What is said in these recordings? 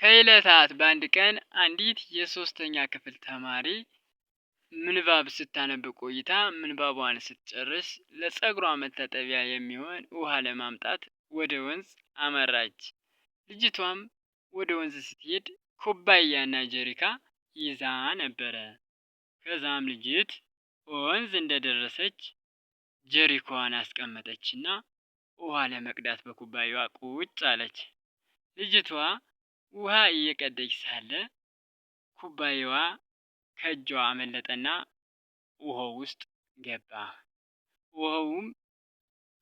ከዕለታት በአንድ ቀን አንዲት የሶስተኛ ክፍል ተማሪ ምንባብ ስታነብ ቆይታ ምንባቧን ስትጨርስ ለፀጉሯ መታጠቢያ የሚሆን ውሃ ለማምጣት ወደ ወንዝ አመራች። ልጅቷም ወደ ወንዝ ስትሄድ ኩባያና ጀሪካ ይዛ ነበረ። ከዛም ልጅት ወንዝ እንደደረሰች ጀሪካዋን አስቀመጠችና ውሃ ለመቅዳት በኩባያዋ ቁጭ አለች። ልጅቷ ውሃ እየቀደች ሳለ ኩባያዋ ከእጇ አመለጠና ውሃው ውስጥ ገባ። ውሃውም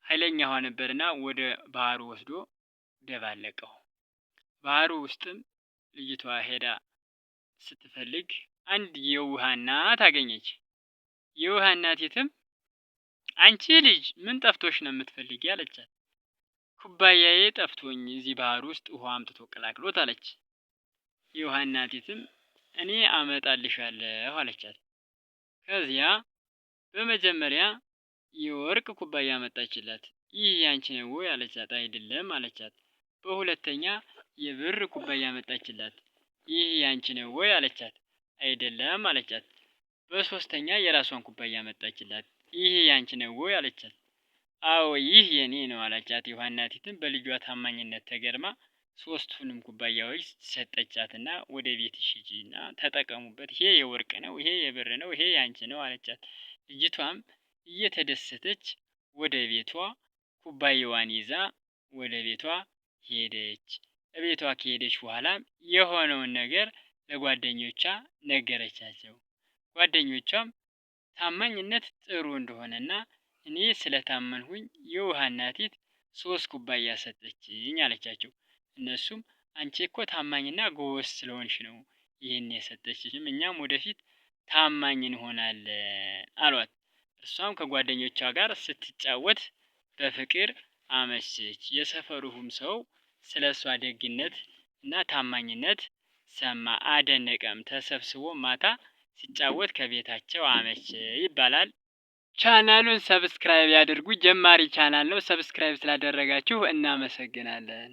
ኃይለኛ ውሃ ነበርና ወደ ባህሩ ወስዶ ደባለቀው። ባህሩ ውስጥም ልጅቷ ሄዳ ስትፈልግ አንድ የውሃ እናት አገኘች። የውሃ እናቲቱም አንቺ ልጅ ምን ጠፍቶሽ ነው የምትፈልጊ? አለቻት። ኩባያዬ ጠፍቶኝ እዚህ ባህር ውስጥ ውሃ አምጥቶ ቀላቅሎት አለች። የውሃ እናቲቱም እኔ አመጣልሻለሁ አለቻት። ከዚያ በመጀመሪያ የወርቅ ኩባያ መጣችላት ይህ ያንቺ ነው አለቻት። አይደለም አለቻት። በሁለተኛ የብር ኩባያ መጣችላት ይህ ያንቺ ነው ያለቻት አለቻት። አይደለም አለቻት። በሶስተኛ የራሷን ኩባያ መጣችላት ይህ ያንቺ ነው አለቻት። አዎ ይህ የኔ ነው አላቻት። ዮሐና በልጇ ታማኝነት ተገርማ ሶስቱንም ኩባያዎች ሰጠቻትና ወደ ሽጂ እና ተጠቀሙበት፣ ይሄ የወርቅ ነው፣ ይሄ የብር ነው፣ ይሄ ያንቺ ነው አለቻት። ልጅቷም እየተደሰተች ወደ ቤቷ ኩባያዋን ይዛ ወደ ቤቷ ሄደች። ቤቷ ከሄደች በኋላ የሆነውን ነገር ለጓደኞቿ ነገረቻቸው። ጓደኞቿም ታማኝነት ጥሩ እንደሆነና እኔ ስለታመንሁኝ የውሃ እናቲት ሶስት ኩባያ ሰጠችኝ አለቻቸው። እነሱም አንቺ እኮ ታማኝና ጎበዝ ስለሆንሽ ነው ይህን የሰጠችሽም፣ እኛም ወደፊት ታማኝ እንሆናለን አሏት። እሷም ከጓደኞቿ ጋር ስትጫወት በፍቅር አመሸች። የሰፈሩም ሰው ስለ እሷ ደግነት እና ታማኝነት ሰማ፣ አደነቀም። ተሰብስቦ ማታ ሲጫወት ከቤታቸው አመሸ ይባላል። ቻናሉን ሰብስክራይብ ያድርጉ። ጀማሪ ቻናል ነው። ሰብስክራይብ ስላደረጋችሁ እናመሰግናለን።